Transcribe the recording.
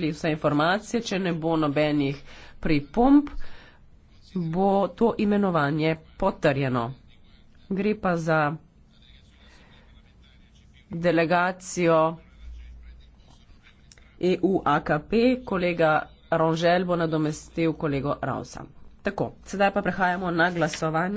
prišli vse informacije, če ne bo nobenih pripomp, bo to imenovanje potrjeno. Gre pa za delegacijo EU-AKP, kolega Ronžel bo nadomestil kolego Rausa. Tako, sedaj pa prehajamo na glasovanje.